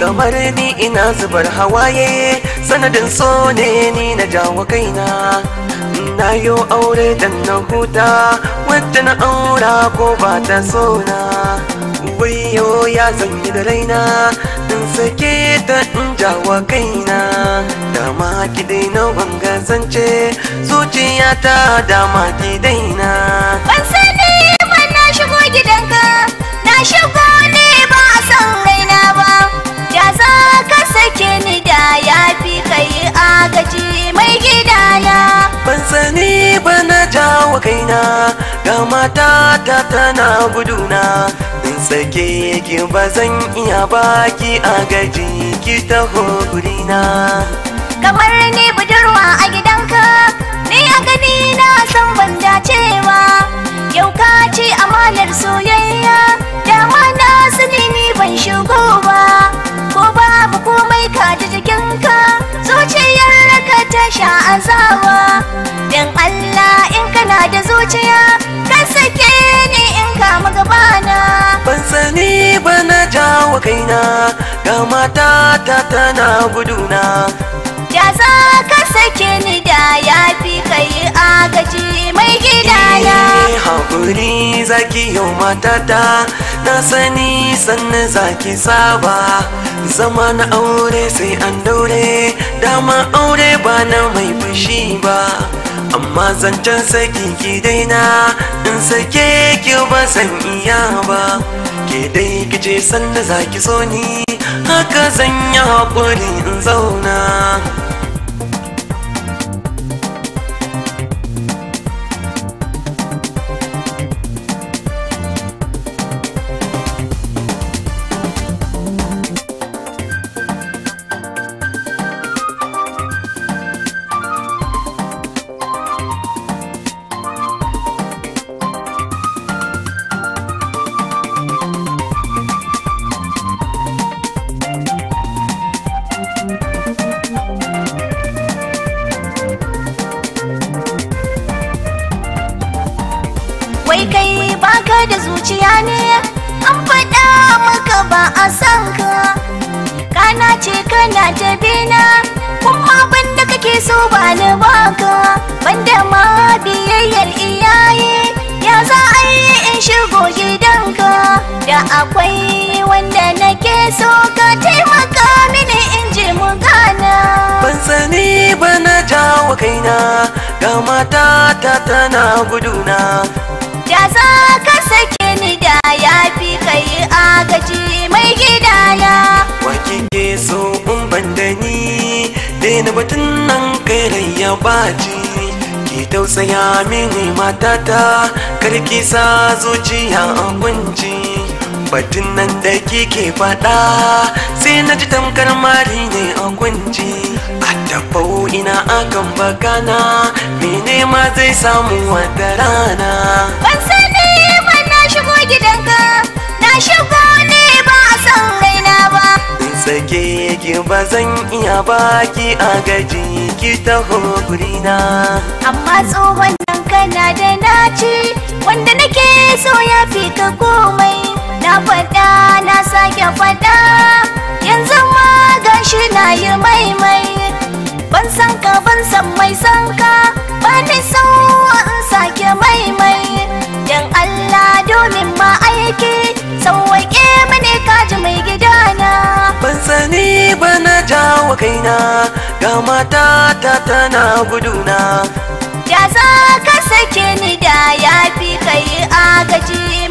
kamar ni ina zubar hawaye sanadin so ne ni na jawo kaina na yo aure dan na huta wata na aura ko ba ta so na wayo ya zanyi da raina in sake ta in jawo kaina dama ki na wanga zance zuciyata dama ki dai. sake ni da ya fi kai agaji mai ya. ban sani ba na jawo kaina ga mata ta tana guduna in sake ki ba zan iya baki agaji ki taho gurina kamar ni budurwa a gidanka ni a gani na san ban dace sha azawa dan Allah in kana da zuciya ka sake ni in kama na. ban sani ba na jawo kaina ga mata ta tana guduna da za ka sake ni da zaki yau matata na sani sannan zaki saba zama na aure sai an daure dama aure ba na mai fushi ba amma zancen saki ki daina in sake ki ba san iya ba ke dai kije sannan zaki so ni haka zan yi haƙuri in zauna na tafi na kuma abin da kake so ba ni baka banda ma biyayyar iyaye ya za a yi in shigo gidanka da akwai wanda nake so ka taimaka mini in ji mu gana ban sani ba na jawo kaina ga mata ta tana guduna da za ka sake ni da yafi kai agaji mai gida ya baci ki tausaya mini matata karki sa zuciya a kunci batun nan da kike faɗa sai na ji tamkar mari ne a kunci a ina akan bakana mene ma zai samu wata rana ba zan iya baki a gaji ki ta gurina amma tsohon nan kana da naci wanda nake so ya fi ka komai na fada na sake fada yanzu ma gashi na yi maimai ban san ka ban san mai san ka ba ni so in sake maimai wa kaina ga mata ta tana guduna da za ka sake ni da yafi fi kai agaji